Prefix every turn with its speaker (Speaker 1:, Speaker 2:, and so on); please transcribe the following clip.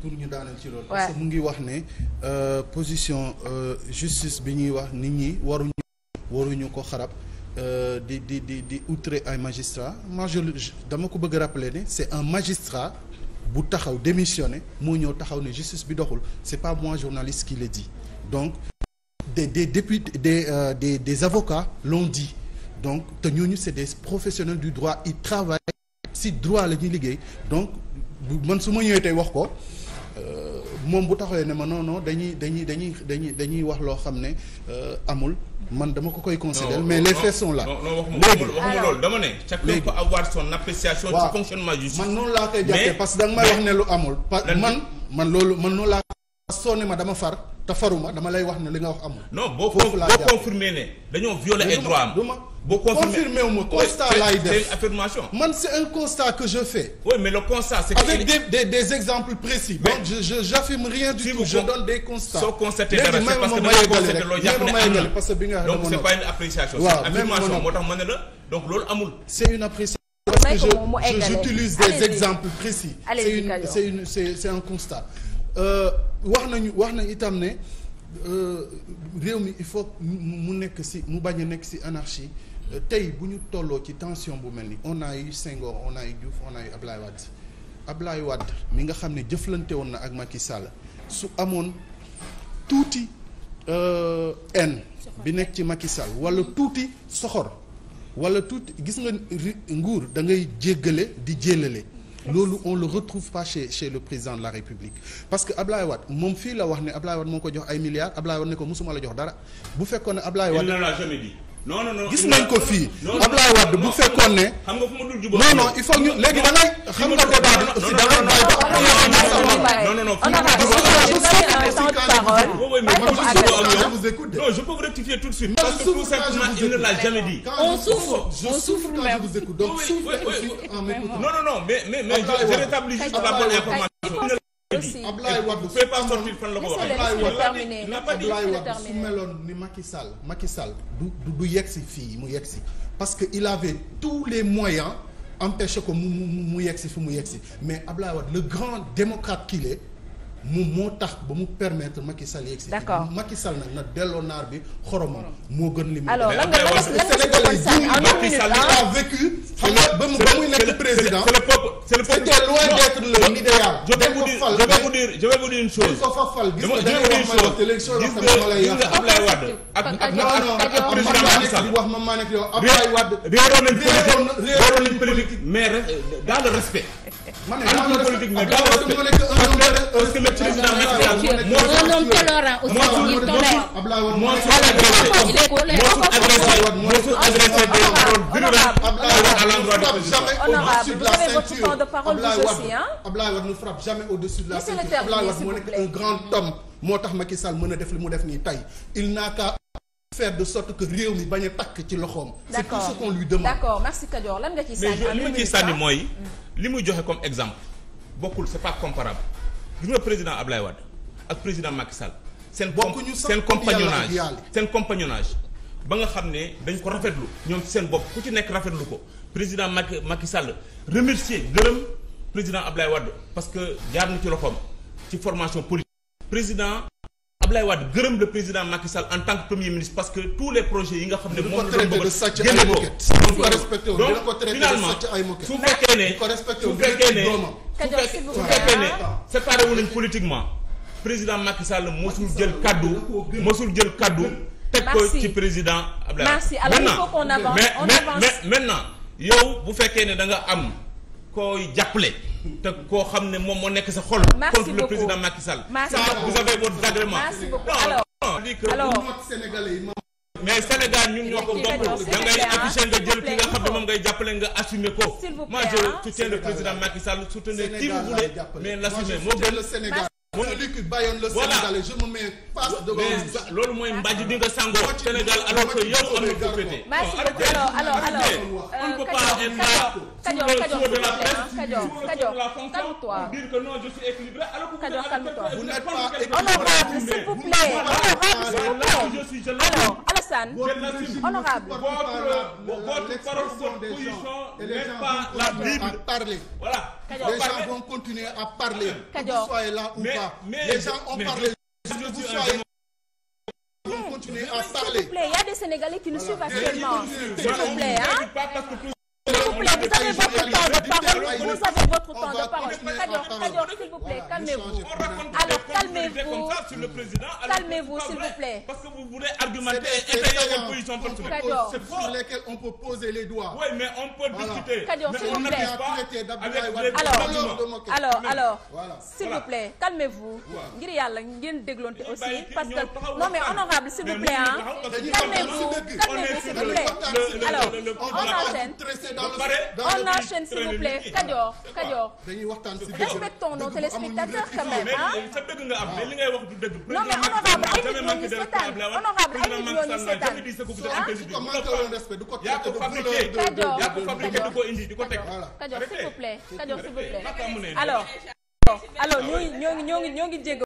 Speaker 1: pour ñu daanal ci loolu. parce que mu ngi wax ne euh, position euh, justice bi ñuy wax nit ñi waruñu waruñu ko xarab euh, di di di di outré ay magistrat moi je dama ko bëgg a rappeler ne c'est un magistrat bu taxaw démissionné moo ñëw taxaw ne justice bi doxul c'est pas mois journaliste qui le dit donc des des députés des euh, des des avocats l'ont dit donc te ñooñu c'est des professionnels du droit ils travaillent si droit la ñuy liggéey donc man su ma ñëwee tey wax ko Euh, moom bu taxawee ne ma non non dañuy dañuy dañuy dañuy dañuy wax loo xam ne euh, amul man dama ko koy considérer mais les faits sont là
Speaker 2: léegi loolu dama ne chacun peut avoir son appréciation ci fonctionnement justice man noonu laa koy parce que da may wax
Speaker 1: ne lu amul man man loolu man noonu laa soo ne ma dama far te faruma dama lay wax ne li nga wax amul. non boo boo
Speaker 2: confirmé ne dañoo violé ay constat laay def man c'est un constat que je fais. oui mais le constat c'est que avec des des des exemples précis. parce que da nga constaté loo jàpp ne na parce que bi nga xam ne donc c'est pas une appréciation. tax ma ne la donc loolu amul. c'est une appréciation. je j'utilise des exemples précis. c'est une c'est
Speaker 1: un constat. Euh, wax nañu wax na itam ne euh, réew mi il faut mu nekk si mu bañ a nekk si anarchie euh, tey bu ñu tolloo ci tension bu mel ni on a eu Senghor on a eu Diouf on a eu mi nga xam ne jëflante woon na ak Macky Sall su amoon tuuti euh, haine bi nekk ci Macky Sall wala tuuti soxor wala tuuti gis nga nguur da ngay jéggale di jéllale loolu on le retrouve pas chez le président de la République parce que Ablaye wat moom fii la wax ne Ablaye Wade moo ko jox ay milliards Ablaye Wade ne ko mosuma la jox dara bu fekkoon ne Ablaye Wade il ne
Speaker 2: l'a jamais non non non gis nañ ko fii. Ablaye Wade bu
Speaker 1: fekkoon ne. xam nga
Speaker 2: fu ma dul jubóo non non il faut ñu léegi da ngay xam nga débat bi aussi da ngay bàyyi ba après non non non fu ma dul jubóo non je peux vous rectifier tout de suite. parce que tout simplement il l'a jamais dit. on donc aussi Abdoulaye Wade vous pouvez pas sortir fan la ko waxee Abdoulaye su meloon
Speaker 1: ni Macky Sall du yegsi fii mu yegsi parce que il avait tous les moyens empêché ko mu mu mu yegsi fi mu yegsi mais Abdoulaye Wade le grand démocrate qu'il est moo tax ba mu permetre Macky Sall yegg si. d' accord Macky Sall nag na delloo naar bi xoromam. moo gën li mu. alors lan nga lan nga Sénégalais yi vécu.
Speaker 2: xam nga ba muy nekk président. c' est le peuple fal je vais vous dire je vais vous dire une chose. dañ ko fa fal gis nga dañoo wax ma te léegi soo gis nga Ablaye Wade. ak ak ak président Macky Sall wax ma maa nekk yow Ablaye Wade. réeroon nañ politique réeroon nañ politique mais dans le respect. ma ne maa ngi politique mais dans le respect parce que le président Macky Sall moo. moo Abdoulaye Wade moo su
Speaker 1: agressé moo su agressé des paroles virulentes à l'endroit de l'opposition. Au-dessus de la ceinture Abdoulaye Wade Abdoulaye Wade moo nekk un grand homme moo tax Macky Sall mën a def li mu def nii tey il naa qu'à
Speaker 2: faire de sorte que réew mi bañ takk ci loxoom. c'est tout ce qu'on mais
Speaker 1: li ma ciy ah? mooy.
Speaker 2: Mm. li muy joxe comme exemple bokkul c'est pas comparable gis nga président Abdoulaye Wade ak président Macky Sall. seen bokkuñu sax seen compagnonnage seen compagnonnage ba nga xam ne dañ ko rafet lu ñoom ci seen bopp ku ci nekk rafet lu ko président Macky Macky Sall remercier gërëm président Ablaye Wade parce que jaar na ci loxoom ci formation politique. président Ablaye Wade gërëm le président Macky Sall en tant premier ministre parce que tous les projets yi nga xam ne moom la bëgg génne ko su fekkee ne su fekkee ne su fekkee ne séparé wu nañ politiquement. président Macky Sall mosul jël kaddu mosul jël kàddu teg ko ci président Abdoulaye merci alors il faut maintenant yow bu fekkee ne da nga am kooy jàppale te koo xam ne moom moo nekk sa xol contre le président Macky Sall ça vous avez votre agrément non mais Sénégal ñun ñoo ko bokk da ngay affiché nga jël ki nga xam ne moom ngay jàppale nga assumer ko moi je soutiens président Macky Sall soutenez qui vous voulez mais l'assumer moo gën wala Luc bàyyoon le Sénégalais je me mets face devant mais loolu mooy mbàjj di nga sangoo Sénégal alors que yow am na ko pété alors alors alors euh, on ne peut pas être là sur le dos de la presse sur la fonction pour dire que non je suis équilibré alors que vous n'êtes pas équilibré
Speaker 1: s'il vous plaît alors
Speaker 2: alors Alassane honorable votre parole votre position n'est pas la parler voilà gens vont
Speaker 1: continuer à parler que vous soyez là ou pas les gens ont parlé vous soyez vous plaît a des Sénégalais qui nous vous plaît hein s'il vous plaît, vous vous avez
Speaker 2: votre temps de parole. Kadior, Kadior, s'il vous calmez vous comme ça sur le président. calmez vous s'il vous plaît. parce que vous voulez
Speaker 1: argumenter et étayer votre position personnelle. c'est faux sur lesquels on peut poser les doigts. oui mais on peut non mais honorable s'il vous plaît ah. calmez vous calmez vous s'il vous plaît alors on enchaîne on enchaîne s'il vous plaît Kadior Kadior respectons nos téléspectateurs quand même
Speaker 2: mais li ngay wax du dëgg. non mais honorable ay nit ñoo ñu seetaan honorable ay nit ñoo ñu seetaan. du ko yaa ko fabriqué yaa ko fabriqué du ko indi di ko teg. Kajoor s'il vous plaît Kajoor s'il vous plaît alors
Speaker 1: alors ñoo ngi ñoo ngi ñoo ngi ñoo ngi jégg